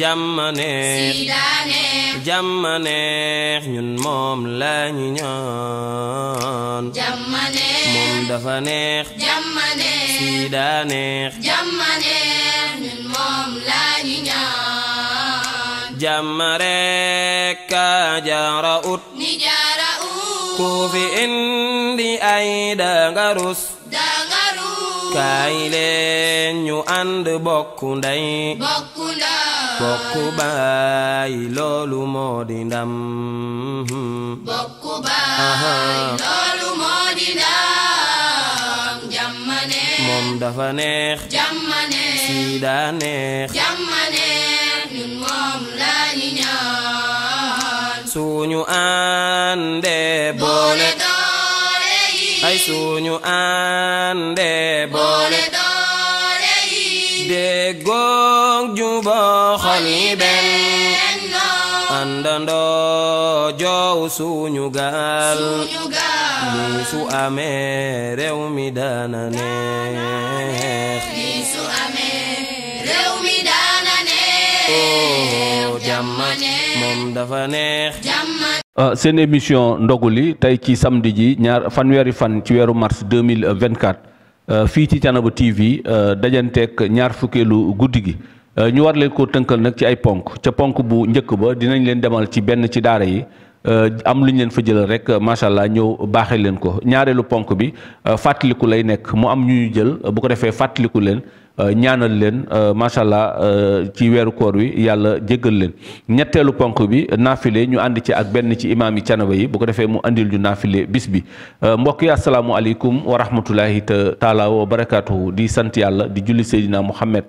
jàmmaneex siidaane jàmmaneex ñun moom lañu ñaan neex ñun moom lañu ñaan jàmmareek ka jaara ut ni indi ay dangarus dangarus kaay ñu ànd bokku ndey bokku baay loolu moo di ndam. bokku baay neex moom dafa neex. jàmm neex neex. moom la ñu ñaan. suñu àndee boole doole yi. ay suñu àndee boole ami benn su amee réew oh, moom dafa neex euh, seen émission ndogu li tey ci samedi ji ñaar fanweeri fan ci weeru mars euh, fii ci Thiénaba TV euh, dajanteeg ñaar fukkeelu guddi gi Euh, ñu war leen ko tënkal nag ci ay ponk ca ponk bu njëkk ba dinañ leen demal ci benn ci daara yi euh, am lu ñu leen fa jëlal rek macha allah ñëw baaxee leen ko ñaareelu ponk bi euh, fàttaliku lay nekk mu am ñu jël bu ko defee fàttaliku leen ñaanal leen macha allah ci weeru koor wi yàlla jéggal leen ñetteelu ponk bi naafile ñu ànd ci ak benn ci imaam yi canaba yi bu ko defee mu andil ñu naafile bis bi mbokk yi asalaamualeykum wa rahmatulahi taala wa barakaatuhu di sant yàlla di julli seydina muhammad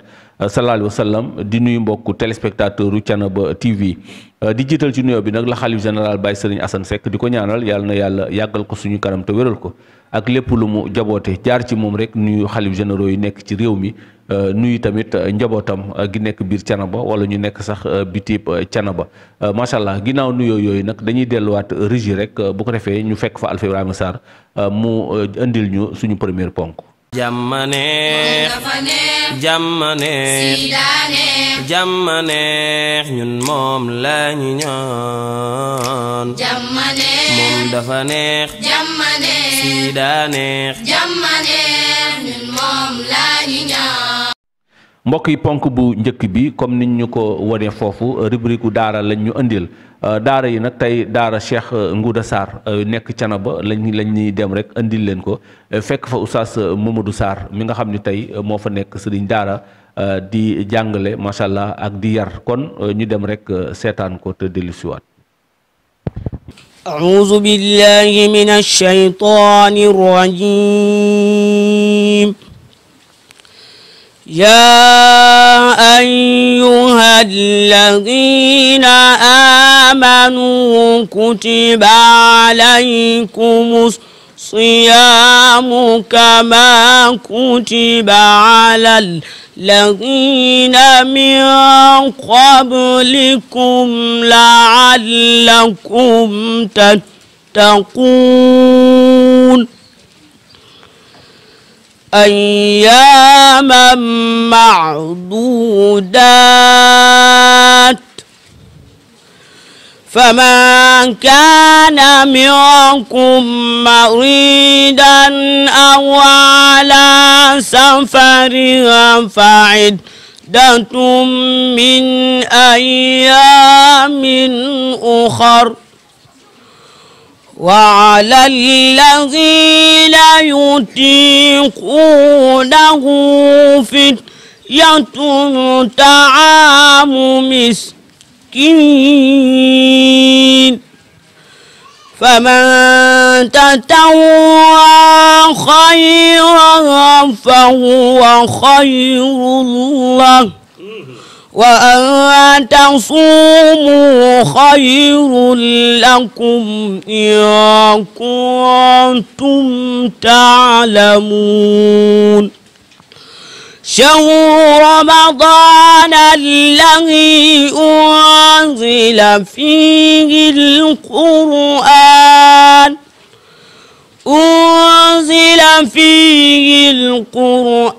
sallallahu alayhi wa sallam di nuyu mbokku téléspectateur u Thiénaba TV euh, di jiital ci nuyoo bi nag la xalif général Baye Serigne Assane Seck di ko ñaanal yàlla na yàlla yàggal ko suñu kanam te wéral ko ak lépp lu mu jaboote jaar ci moom rek nuyu xalif généraux yu nekk ci réew mi euh, nuyu tamit euh, njabootam gi nekk biir Thiénaba wala ñu nekk sax bitib Thiénaba macha allah ginnaaw nuyoo yooyu nag dañuy delluwaat régie rek bu ko defee ñu fekk fa Alfa Ibrahima Sarr mu indil ñu suñu premier ponk. jàmmaneex jàmmaneex la ñu ñaan jàmmaneex neex ñun moom la ñaan mbokk yi ponk bu njëkk bi comme niñ ñu ko wone foofu rubrique daara lañ ñu indil Euh, daara yi nag tey daara Cheikh euh, Ngouda saar euh, nekk Canaba lañ lañ ñuy dem rek andil leen ko fekk fa oustaz Mamadou Sarr mi nga xam ni tey moo fa nekk sëriñ daara di jàngale macha allah ak di yar kon ñu dem rek seetaan ko te dellusiwaat. أعوذ بالله من الشيطان الرجيم يا أيها الذين آمنوا كتب عليكم الصيام كما كتب على الذين من قبلكم لعلكم تتقون أياما معدودات فمن كان منكم مريدا أو على سفر فعدة من أيام أخر وعلى الذين يطيقونه فدية طعام مسكين فمن تطوع خيرا فهو خير له وأن تصوموا خير لكم إن كنتم تعلمون شهر رمضان الذي أنزل فيه القرآن أنزل فيه القرآن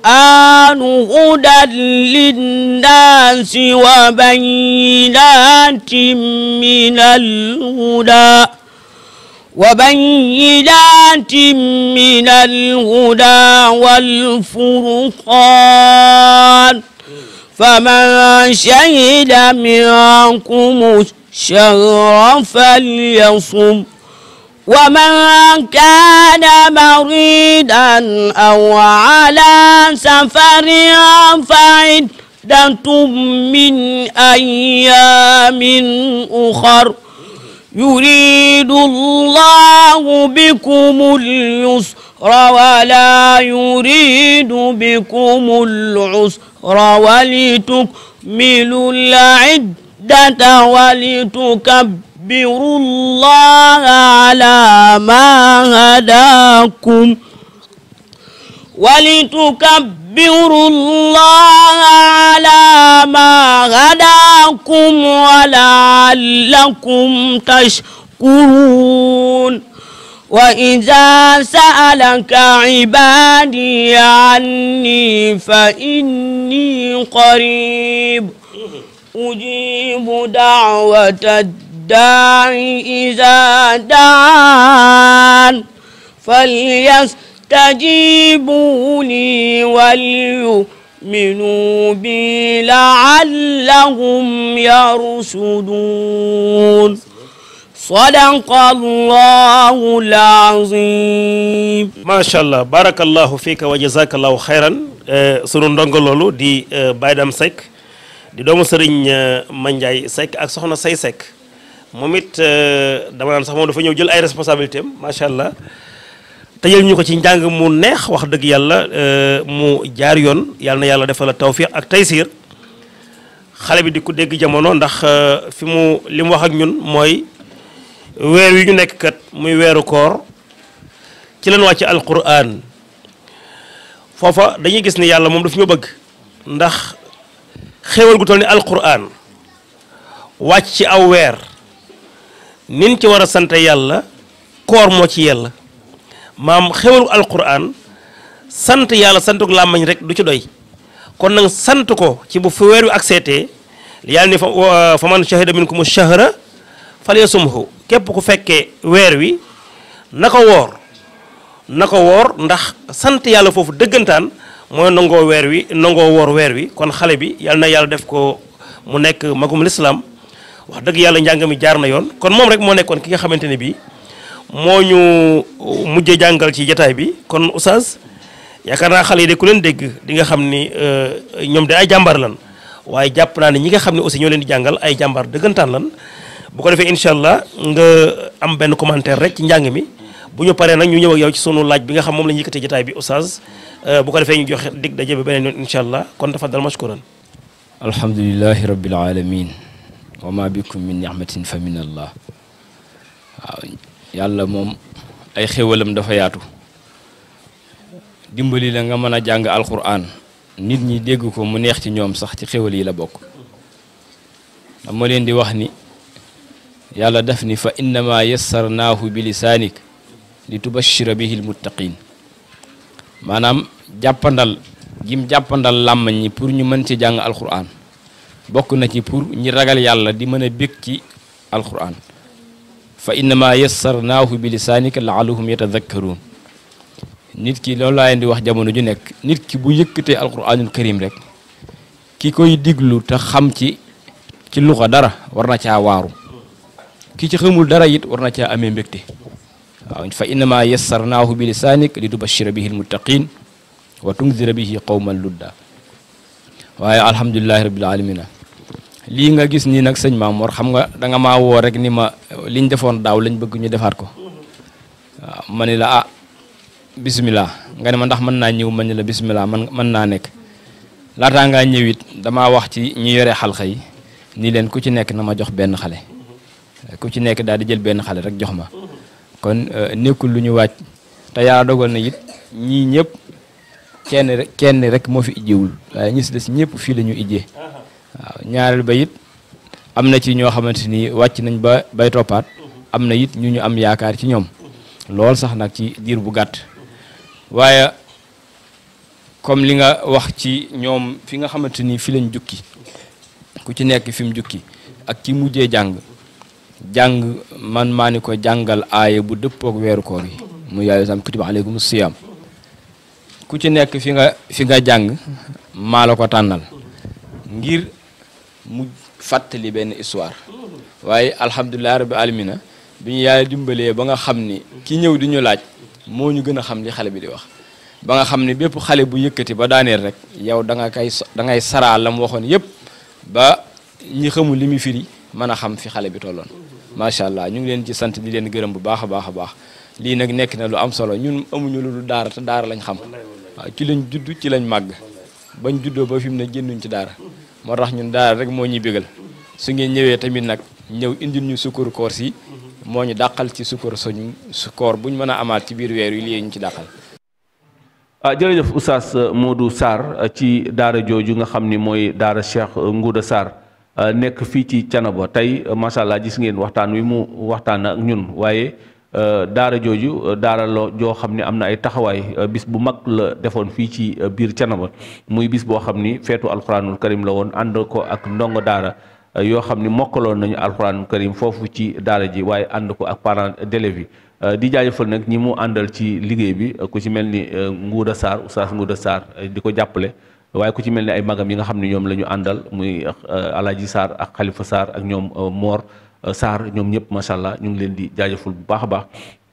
هدى للناس وبينات من الهدى وبينات من الهدى والفرقان فمن شهد منكم الشهر فليصم ومن كان مريدا أو على سفر فعدة من أيام أخر يريد الله بكم اليسر ولا يريد بكم العسر ولتكملوا العدة ولتكبروا واستكبروا الله على ما هداكم ولتكبروا الله على ما هداكم ولعلكم تشكرون وإذا سألك عبادي عني فإني قريب أجيب دعوة الدين الداعي إذا دعان فليستجيبوا لي وليؤمنوا بي لعلهم يرشدون صدق الله العظيم ما شاء الله بارك الله فيك وجزاك الله خيرا sunu ndongo loolu di Baye Dame Seck di doomu Serigne Mandiaye Seck ak soxna Say Seck moom it euh, dama naan sax moom dafa ñëw jël ay responsabilité am allah tëjal ñu ko ci njàng mu neex wax dëgg yàlla euh, mu jaar yoon yàlla na yàlla defal la tawfiq ak taysir xale bi di ko dégg jamono ndax euh, fi mu li mu wax ak ñun mooy weer wi ñu nekk kat muy weeru koor ci lañ wàcc alquran foofa dañuy gis ni yàlla moom daf ñu bëgg ndax xéewal gu toll ni alquran wàcc ci aw weer nin ci war a sant yàlla koor moo ci yàlla maam xewalu alquran sant yàlla santuk làmmañ rek du ci doy kon nag sant ko ci bu fi weer wi ak seetee yàlla ni fa man shahida minkum shahra falyasumhu képp ku fekkee weer wi na ko woor na ko woor ndax sant yàlla foofu dëggantaan mooy nangoo weer wi nangoo woor weer wi kon xale bi yàlla na yàlla def ko mu nekk magum lislaam wax dëgg yàlla njàng mi jaar na yoon kon moom rek moo nekkoon ki nga xamante ne bii moo ñu uh, mujj jàngal ci jataay bi kon oustaz yaakaar naa xale yi de ku leen dégg di nga xam ni uh, ñoom de ay jàmbaar lan waaye jàpp naa ne ñi nga xam ne aussi ñoo leen di jàngal ay jàmbaar dëggantaan lan bu ko defee incha allah nga am benn commentaire rek ci njàng mi bu ñu paree nag ñu ñëw ak yow ci sunu laaj bi nga xam moom la ñu yëkkatee jataay bi oustaz uh, bu ko defee ñu joxe dig daje ba beneen incha allah kon dafa dal mashkuran alhamdulilahi rabbil alamin wa ma bikum min ni'matin fa min allah waaw yàlla moom ay xéwalam dafa yaatu dimbali la nga mën a jàng alquran nit ñi dégg ko mu neex ci ñoom sax ci xéwal yi la bokk dama leen di wax ni yàlla def ni fa innama yassarnaahu bi lisaanik li tubashira bihi almuttaqin maanaam jàppandal gim jàppandal làmmañ ñi pour ñu mën ci jàng alquran bokk na ci pour ñi ragal yàlla di mën a bég ci alquran fa innama yassarnaahu bi lisaanika laaluhum yatadakkaruun nit ki loolu wax jamono ju nekk nit ki bu yëkkatee alquranul karim rek ki koy diglu te xam ci ci luxa dara war na caa waaru ki ci xamul dara it war na caa amee mbégte waaw fa innama yassarnaahu bi lisaanika li tubashira bihi almuttaqin wa tunzira bihi qawman ludda waaye alhamdulilahi rabbil alamina lii nga gis nii nag sëñ Mamour xam nga danga ma maa woo rek ni ma liñ defoon daaw lañ bëgg ñu defaat ko waaw ma ni la ah bisimilah nga ne ma ndax mën naa ñëw ma ni la bisimilah man mën naa nekk laataa ngaa ñëw it damaa wax ci ñi yore xalxa yi nii leen ku ci nekk na ma jox benn xale ku ci nekk daal di jël benn xale rek jox ma kon euh, nekkul lu ñu wàcc te yàlla dogal na it ñii ñëpp kenn kenn rek moo fi ijjiwul waaye ñi si des ñëpp fii la ñu ijjee waaw ñaareel ba it am na ci ñoo xamante ni wàcc nañ ba bay toppaat am na it ñu ñu am yaakaar ci ñoom lool sax nag ci diir bu gàtt waaye comme li nga wax ci ñoom fi nga xamante ni fi lañ jukki ku ci nekk fi mu jukki ak ci mujjee jàng jàng man maa ni ko jàngal aaya bu dëppook weeru koor yi mu yaayu sam kutiba aleykum siyaam ku ci nekk nga fi nga jàng maa ko tànnal ngir mu fàttali benn histoire waaye alhamdulilah rabbi alamina bi ñu yàlla dimbalee ba nga xam ni ki ñëw di ñu laaj moo ñu gën a xam li xale bi di wax ba nga xam ni bépp xale bu yëkkati ba daaneel rek yow da nga kay da ngay saraa mu waxoon yëpp ba ñi xamul li mu firi mën a xam fi xale bi tolloon macha allah ñu ngi leen ci sant di leen gërëm bu baax a baax a baax lii nag nekk na lu am solo ñun amuñu lu dul daara te daara lañ xam waaw ci lañ judd ci lañ màgg bañ juddoo ba fi mu ne génnuñ ci daara moo tax ñun daara rek moo ñuy bégal su ngeen ñëwee tamit nag ñëw indil ñu sukkur koor si moo ñu dàqal ci sukkur suñu su koor bu ñu mën a amaat ci biir weer yi lii ñu ci dàqal. ah jërëjëf Oustaz Modou Sarr ci daara jooju nga xam ni mooy daara Cheikh Ngouda Sarr ah, nekk fii ci Thiénaba tey macha allah gis ngeen waxtaan wi mu waxtaan ak ñun waaye. Euh, daara jooju euh, daara la joo xam ne am na ay taxawaay euh, bis bu mag la defoon fii ci biir Thiénaba muy bis boo xam ni feetu alxuraanul karim la woon ànd ko ak ndongo daara yoo xam ni mokkaloon nañu alxuraanul karim foofu ci daara ji waaye ànd ko ak parents d'élèves di jaajëfal nag ñi mu àndal ci liggéey bi ku ci mel ni Nguuda Sarr oustaz Nguuda di ko jàppale waaye ku ci mel ni ay magam yi nga xam ne ñoom la ñu àndal muy Alaaji saar ak Khalifa saar ak ñoom moor Euh, Sarr ñoom ñëpp macha allah ñu ngi leen di jaajaful bu baax baax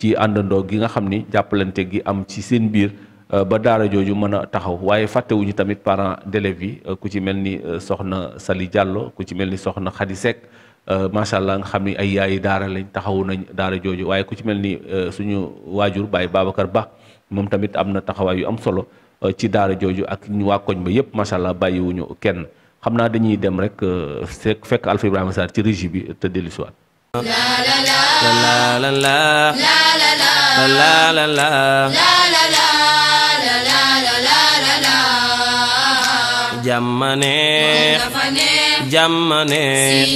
ci àndandoo gi nga xam ni jàppalante gi am ci seen biir euh, ba daara jooju mën a taxaw waaye fàttewuñu tamit parent d'élèves yi euh, ku ci mel ni soxna Sali jàlloo ku ci mel ni soxna Khady Seck macha allah nga xam ni ay yaayi daara lañ taxawu nañ daara jooju waaye ku ci mel ni suñu waajur Baye Babacar Ba moom tamit am na taxawaay yu am solo ci daara jooju ak ñu waa koñ ba yëpp macha allah bàyyiwuñu kenn. xam naa dañuy dem rek euh, fekk Alpha Ibrahima Sarr ci régie bi te dellu si waat. jàmmaneex jàmmaneex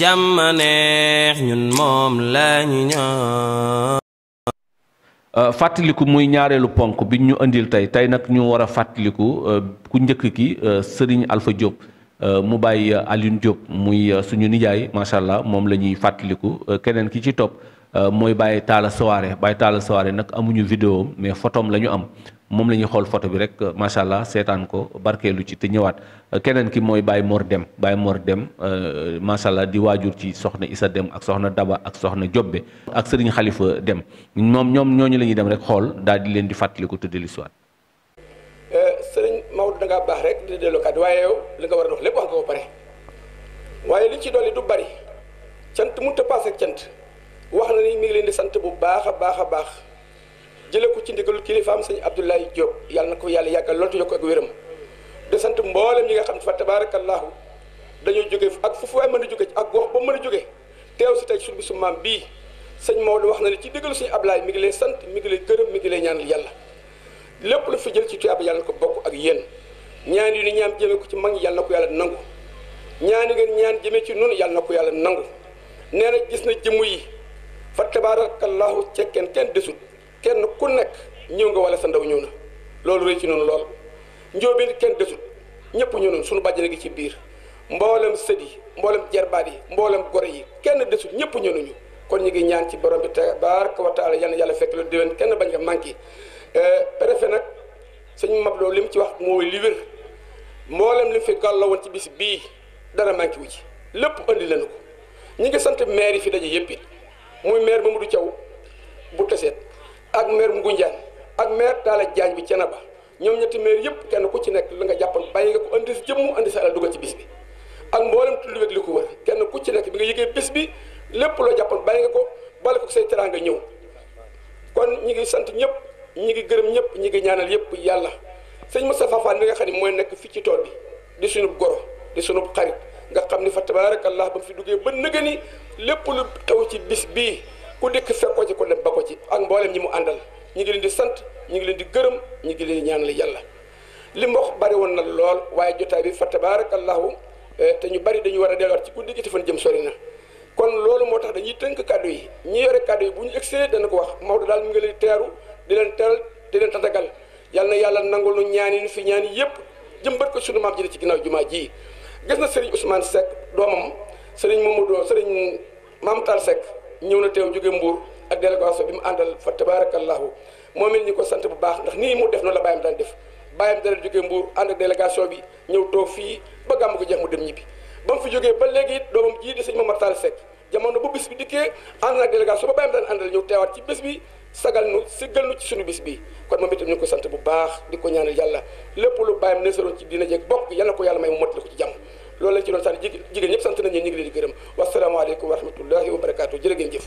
jàmmaneex ñun moom la ñu ñaan Euh, fàttaliku muy ñaareelu ponk bi ñu indil tey tey nag ñu war a fàttaliku euh, ku njëkk ki euh, Serigne Alpha Diop mu bàyyi Alioune Diop muy suñu nijaay macha allah moom la ñuy fàttaliku keneen ki ci topp mooy bàyyi Talla Soare bàyyi Talla Soare nag amuñu video mais photom la ñu am. moom la ñuy xool photo bi rek macha allah seetaan ko barkeelu ci te ñëwaat keneen ki mooy Baye moor Dem Baye Mor Dem euh, macha di waajur ci soxna isa Dem ak soxna Daba ak soxna Jobbe ak Serigne xalifa Dem moom ñoom ñooñu la ñuy dem rek xool daal di leen di fàttaliku te dellusiwaat. Euh, Serigne Maodo da ngaa baax rek di delloo waaye li nga war a wax lépp wax nga ko pare waaye li ci dolli du bari cant mënut a paase wax na ni mi leen di sant bu baax a baax a baax. jëlee ko ci ndigalul kilifaam sëñ Abdoulaye Diop yàlla na ko yàlla yàggal lool te yokk ak wéram de sant mboolem ñi nga xam ne fa tabaarakallaahu dañoo jóge ak foofu waay mën a jóge ak gox ba mën a jóge teew si tey suñu bisu maam bii sëñ Maodo wax na ne ci ndigalu sëñ Ablaye mi ngi lay sant mi ngi lay gërëm mi ngi lay ñaanal yàlla lépp lu fi jël ci tuyaaba yàlla na ko bokk ak yéen ñaan yu ni ñaan jëmee ko ci mag ñi yàlla na ko yàlla nangu ñaan yu ñaan jëmee ci noonu yàlla na ko yàlla nangu nee na gis na jëmm yi fa tabaarakallaahu cekkeen kenn desut kenn ku nekk ñëw nga wala sa ndaw ñëw na loolu rëy ci noonu lool njóobeen kenn desut ñëpp ñu noonu suñu bàjjana gi ci biir mboolem sët mboolem jerbaat yi mboolem gore yi kenn desut ñëpp ñu nañu kon ñu ngi ñaan ci borom bi tabaaraka wa taala yal yàlla fekk lu déwén kenn bañ nga manqué euh, préfet nag sëñ Mab loolu li mu ci wax mooy li wér mboolem li mu fi gàlloo woon ci bis bii dara manqué wu ci lépp andi leen ko ñu ngi sant maire yi fi daje yëpp it muy maire Mamadou Thiaw bu teseet ak meer maire Ngoundiane ak maire Talla Diagne bi ba ñoom ñetti meer yëpp kenn ku ci nekk li nga jàppoon bàyyi nga ko andi si jëmm andi sa alal dugal ci bis bi ak mboolem tudd wéeg li ko wër kenn ku ci nekk bi nga yëgee bis bi lépp loo jàppoon bàyyi nga ko bale ko say teraanga ñëw kon ñi ngi sant ñëpp ñi ngi gërëm ñëpp ñi ngi ñaanal yëpp yàlla sëñ Moustapha Fall mi nga xam ni mooy nekk fii ci tool bi di sunu goro di sunu xarit nga xam ni fa tabaarakallah ba mu fi duggee ba nëgëni lépp lu ci bis bii ku dikk fekk ko ci ku ci ak mboolem ñi mu àndal ñu ngi leen di sant ñu ngi leen di gërëm ñu ngi leen di ñaanal yàlla li mu bari woon na lool waaye jotaay bi fa tabaarakallahu eh, te ñu bari dañu war a delluwaat ci guddi gi te fan jëm sori na kon loolu moo tax dañuy tënk kàddu yi ñi yore kàddu yi bu ñu egsee dana ko wax Maodo daal mu ngi leen teeru di leen teral di leen tatagal yàlla na yàlla nangul nu ñaani nu fi ñaani yëpp jëmbat ko sunu maam ji ci ginnaaw jumaa ji gis na Serigne Ousmane Seck doomam Serigne Mamadou Serigne Maam Tall Seck ñëw na teew jóge Mbour ak délégation bi mu àndal fa tabarakallahu moom it ñu ko sant bu baax ndax nii mu def noonu la bàyyam daan def bàyyam dara jóge ànd délégation bi ñëw toog fii ba gàmm ko jeex mu dem ñibbi ba mu fi jógee ba léegi it doomam jii di sëñ Momar Tall Seck jamono bu bis bi dikkee ànd ak délégation ba bàyyam daan ñëw teewaat ci bis bi sagal nu siggal nu ci suñu bis bi kon moom itam ñu ko sant bu baax di ko ñaanal yàlla lépp lu bàyyam nesaroon ci dina jeeg bokk yal na ko yàlla may mu mottali ko ci jàmm loolu lañ ci doon sànni jigéen ñëpp sant nañ ñu ngi leen di gërëm wasalaamaaleykum wa rahmatullahi wa barakaatu jërë ngeen jëf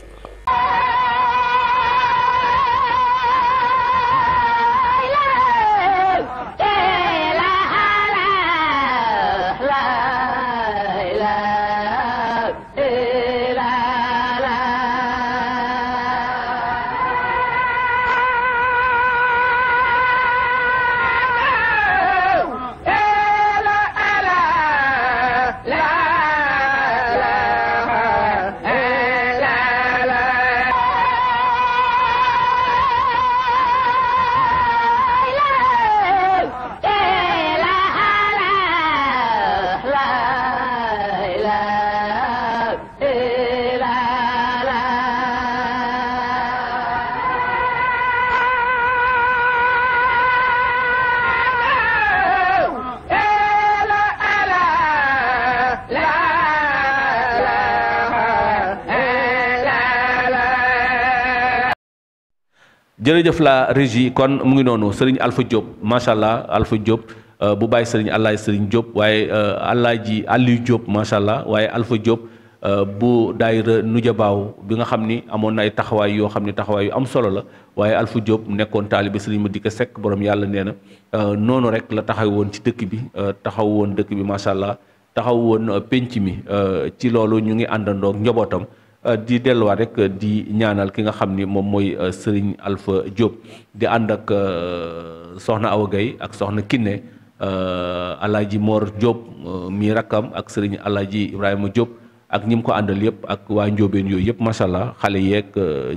jërëjëf la régie kon mu ngi noonu sëriñ alfa Diop macha allah Alpha Diop euh, bu bàyyi sëriñ Allaay sëriñ Diop waaye euh, Allaaji Aliou Diop macha allah waaye Alpha Diop euh, bu daayira Nujabaaw bi nga xam ni amoon ay taxawaay yoo xam ne taxawaay yu am solo la waaye Alpha Diop nekkoon taalibe sëriñ dikk sekk borom yàlla neena na noonu rek la taxaw woon ci dëkk bi taxaw woon dëkk bi macha allah taxaw woon pénc mi ci loolu ñu ngi àndandoo njobootam Euh, di delluwaat rek euh, di ñaanal ki nga xam ni moom mooy euh, Serigne Alpha jóob di ànd ak soxna Awa Gaye ak soxna Kiné Alaaji Mor Diop mi rakkam ak Serigne Alaaji Ibrahima Diop ak ñi ko àndal yëpp ak waa njóobeen yooyu yëpp macha allah xale yeeg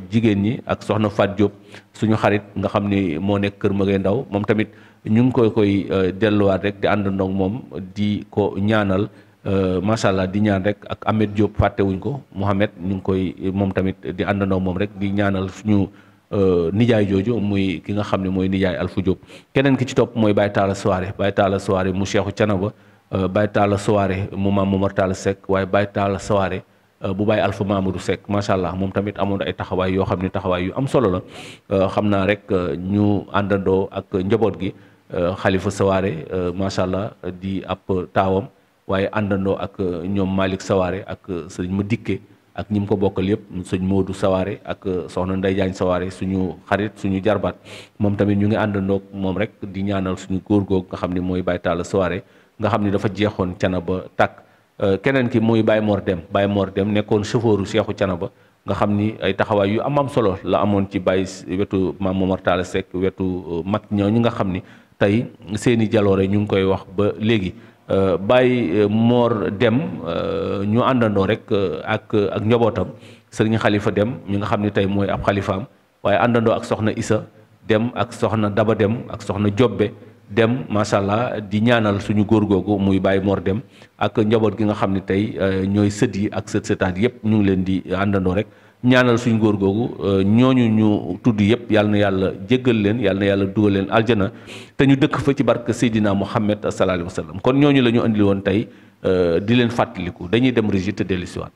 jigéen ñi ak soxna Fat Diop suñu xarit nga xam ni moo nekk Kër Magay Ndaw moom tamit ñu ngi koy koy delluwaat rek di àndandoo moom di ko ñaanal. Euh, macha allah di ñaan rek ak Ahmed Diop fàttewuñ ko Mouhamed ñu ngi koy moom tamit di àndandoo moom rek di ñaanal suñu euh, nijaay jooju muy ki nga xam ne mooy nijaay Alfu Diop keneen ki ci topp mooy Baye Talla Soare Baye Talla Soare mu Cheikhou Canaba euh, Baye Talla Soare mu maam Momar Talla Seck waaye Baye Talla Soare bu Baye Alfa Mamadou Seck macha allah moom tamit amoon ay taxawaay yoo xam ne taxawaay yu am solo la xam naa rek ñu àndandoo ak njaboot gi Khalifa Soare macha allah di ab taawam. waaye àndandoo ak euh, ñoom Malick Sawaare ak sëñ ma dikkee ak ñi ko bokkal yëpp sëñ moodu Sawaare ak euh, soxna Ndeye Diagne Sawaare suñu xarit suñu jarbaat moom tamit ñu ngi àndandoo moom rek di ñaanal suñu góor góor nga xam ni mooy Baye Talla Sawaare nga xam ni dafa jeexoon Canaba tàkk euh, keneen ki muy Baye Mor Dem Baye Mor Dem nekkoon chauffeuru Seexu Canaba nga xam ni ay taxawaay yu am am solo la amoon ci Baye wetu maam Momar Talla Seck wetu mag ñooñu nga xam ni tey seeni jaloore ñu ngi koy wax ba léegi. Euh, bàyyi euh, moor dem euh, ñu àndandoo rek ak ak njabootam sëriñ xalifa dem ñu nga xam ni tey mooy ab xalifaam waaye àndandoo ak soxna Isa dem ak soxna Daba dem ak soxna Jobbe dem macha allah di ñaanal suñu góor googu muy bàyyi moor dem ak njaboot gi nga xam ni tey ñooy sët yi ak sët sëtaat yépp ñu ngi leen di àndandoo rek ñaanal suñ góor googu euh, ñooñu ñu tudd yëpp yàlla na yàlla jéggal leen yàlla na yàlla dugal leen aljana te ñu dëkk fa ci barke Seydina Muhammad sallallahu alayhi wa sallam kon ñooñu la ñu andil woon tey euh, di leen fàttaliku dañuy dem régie te dellu si waat.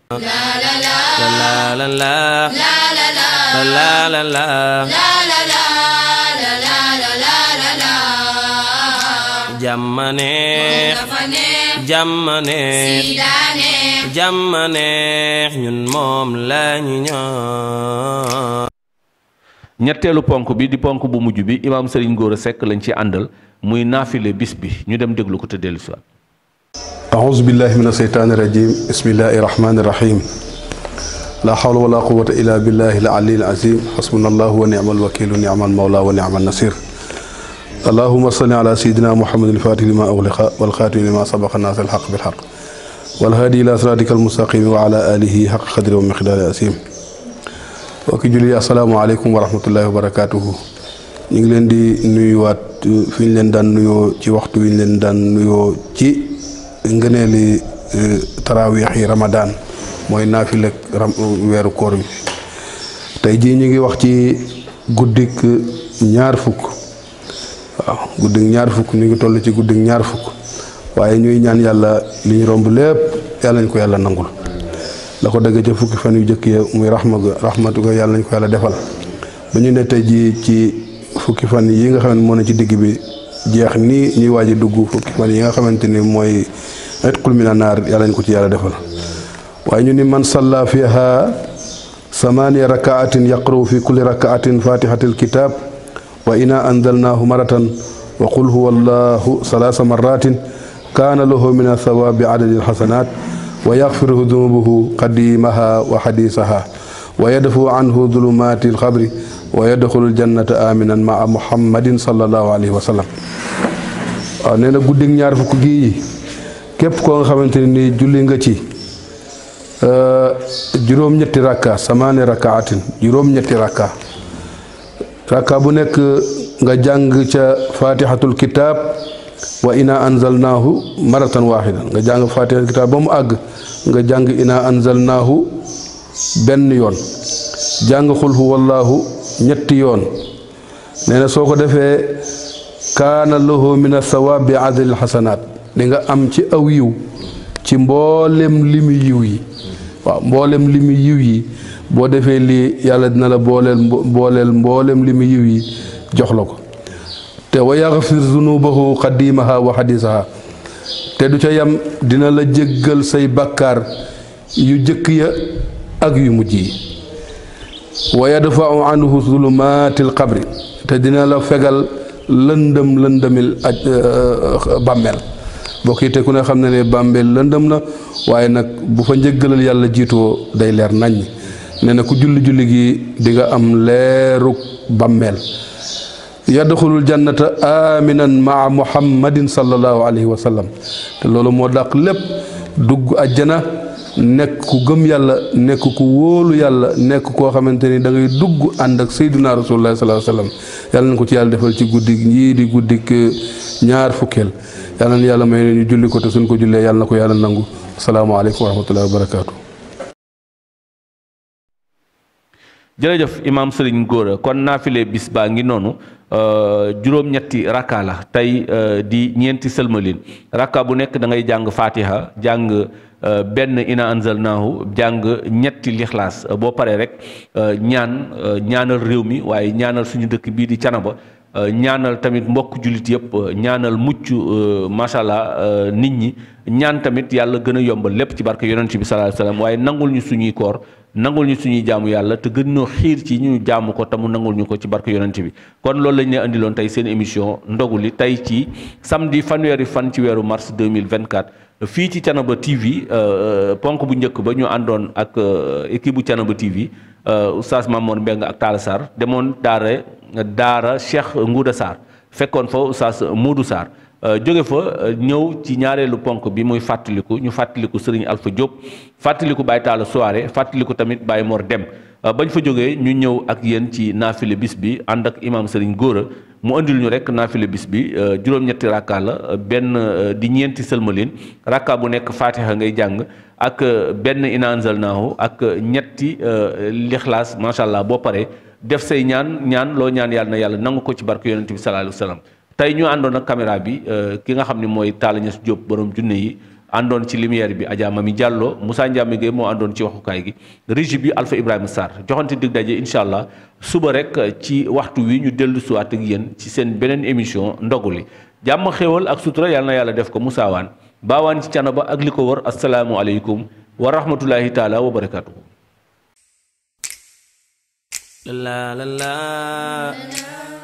jàmmane jàmmaneex jàmmaneex ñun moom lañu ñaan ñetteelu ponk bi di ponk bu mujj bi imaam Serigne Gora sekk lañ ci àndal muy naafile bis bi ñu dem déglu ko te dellu si waat aouzu billahi min asheytaani rajim bismillahi rahmaani rahim laa xawla wala a illa billahi al aliyyil azim xasbunallahu wa ni'mal wakilu ni'mal mawla wa ni'mal nasir allahuma salli ala sayidina muhammadin alfatih lima uxliqa walxaatimi lima sabaqa naas alxaq bilxaq walhaadi ila siraatika almustaqimi wa ala alihi xaq xadri wa miqdaari asim mbokki julli asalaamaaleykum wa rahmatullahi wa ñu ngi leen di nuyuwaat fi ñu leen daan nuyoo ci waxtu wi ñu leen daan nuyoo ci ngëneeli e, taraawiix yi ramadaan mooy naafilek weeru koor wi tey jii ñu ngi wax ci guddik ñaar fukk waaw guddi ñaar fukk mi ngi toll ci guddi ñaar fukk waaye ñuy ñaan yàlla li ñu romb lépp yàlla nañ ko yàlla nangul la ko dëgg ca fukki fan yu njëkk muy raxma ga raxmatu ga yàlla nañ ko yàlla defal ba ne tey jii ci fukki fan yi nga xam ne moo ne ci digg bi jeex nii ñuy waaj dugg fukki fan yi nga xamante ni mooy itqul mina naar yàlla nañ ko ci yàlla defal waaye ñu ni man salla fiha samaniya rakaatin yaqra'u fi kulli rakaatin fatihatil kitab wa ina anzalnaahu maratan wa qul huwa allahu salaasa maratin kaana lahu min athawaabi adadi alxasanaat wa yaxfiruhu qadimaha wa xadiisaha wa anhu dulumaati alxabri wa yadxulu aljannata aminan maa muhammadin sallallahu alayhi wa sallam waaw gii yi képp koo nga xamante ne nii julli nga ci euh, juróom-ñetti rakka samaani rakkaatin juróom-ñetti rakka rakka bu nekk nga jàng ca fatihatul kitab wa ina anzalnaahu maratan waaxidan nga jàng fatihatul kitab ba mu àgg nga jàng ina anzalnaahu benn yoon jàng xul huwallaahu ñetti yoon nee na soo ko defee kaana lahu min asawaab bi adlil xasanaat di nga am ci aw yiw ci mboolem limu yiw yi waaw mboolem limu yiw yi boo defee lii yàlla dina la booleel mbooleem li mu yiw yi jox la ko te wa yaxfir zunubahu qadimaha wa xadisaha te du ca yam dina la jëggal say bàkkaar yu jëkk ya ak yu mujj yi wa yadfau anhu zulumaatil qabri te dina la fegal lëndëm lëndëmil aj euh, euh, bàmmeel bokk yi te ku ne xam ne ne bàmmeel lëndëm la waaye nag bu fa njëggalal yàlla jiitoo day leer naññ nee na ku julli julli gi di nga am leerug bàmmeel yadxulul jannata aminan maa muhammadin sallallahu alayhi wa sallam te loolu moo dàq lépp dugg àjjana nekk ku gëm yàlla nekk ku wóolu yàlla nekk koo xamante ni da ngay dugg ànd ak sayduna rasulullah sallallahu alayhi wa sallam yàlla na ko ci yàlla ci guddi yii di guddik ñaar fukkeel yàlla na ñu julli ko suñ ko jullee na ko yàlla nangu asalaamaaleykum wa rahmatullahi wa barakaatu. jërëjëf imaam Serigne Gora kon naafile bis baa ngi noonu euh, juróom-ñetti rakka la tey euh, di ñeenti sëlmalin rakka bu nekk da ngay jàng fatiha jàng euh, benn ina anzalnaahu jàng ñetti lixlaas boo paree rek ñaan ñaanal réew mi waaye ñaanal suñu dëkk bii di canaba ñaanal tamit mbokk jullit yëpp ñaanal mucc macha allah nit ñi ñaan tamit yàlla gën a yombal lépp ci barke yonent bi sallallahu alayhi wasallam waaye nangul ñu suñuy koor nangul ñu suñuy jaamu yàlla te gën ñoo xiir ci ñu jaamu ko tamu nangul ñu ko ci barke yonent bi kon loolu lañu ne indiloon tey seen émission ndogu li tey ci samedi fanweeri fan ci weeru mars 2024 fii ci Thiénaba TV euh, ponk bu njëkk ba ñu àndoon ak euh, équipe bu Thiénaba TV euh, Oustaz Mamour Mbengue ak Talla Sarr demoon daara daara Cheikh Ngouda Sarr fekkoon fa Oustaz Modou Sarr Euh, jóge fa euh, ñëw ci ñaareelu ponk bi muy fàttaliku ñu fàttaliku sëriñ Alpha Diop fàttaliku Baye Talla Souare fàttaliku tamit Baye moor Dem euh, bañ fa jógee ñu ñëw ak yenn ci naafile bis bi ànd ak imaam sëriñ Góora mu andil ñu rek naafile bis bi juróom-ñetti rakka la benn di ñeenti sëlmalin rakka bu nekk faatiha ngay jàng ak benn inanzalnaahu ak ñetti lixlaas macha allah boo paree def say ñaan ñaan loo ñaan yàlla na yàlla nangu ko ci barke yonente bi sallallahu alayhi tey ñu àndoon ak caméra bi euh, ki nga xam ne mooy Talla Niass Diop borom junne yi àndoon ci lumière bi Adja Mami jàlloo Moussa Ndiame Gueye moo àndoon ci waxukaay gi régie bi Alpha Ibrahima Sarr joxante dig daje incha allah suba rek euh, ci waxtu wi ñu dellu suwaat ak yéen ci seen beneen émission ndogu li jàmm xewal ak sutura yàlla na yàlla def ko musaa Wane baawaan ci ba ak li ko wër asalaamualeykum wa rahmatulahi taala wa barakatuhu. la la la.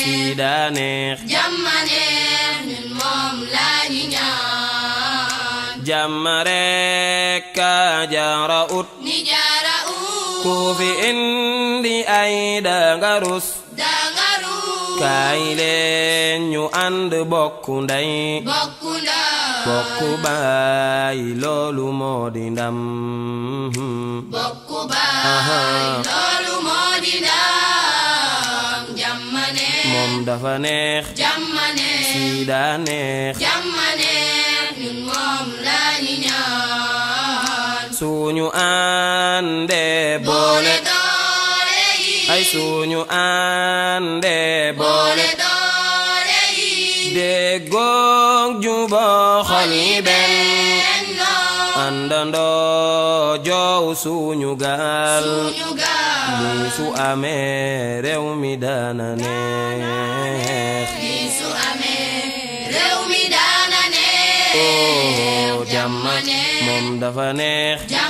si daaneex jàmmaneex ñun moom lañu ñaan jàmma rekk ka jaara ut ku fi indi ay dangarus dangarus kaay leen ñu ànd bokku ndey bokku ndey bokku baay loolu moo di ndam bokku dafa neex. jàmm neex si daa neex. jàmm neex ñun ñu ñaan. suñu àndee boole doole yi. ay suñu àndee boole doole yi. déggoog juboo xol yi benn. àndandoo joow suñu gaal. suñu gaal. lii su amee réew mi daana neex lii amee réew mi daana neex oh, jàmm moom dafa neex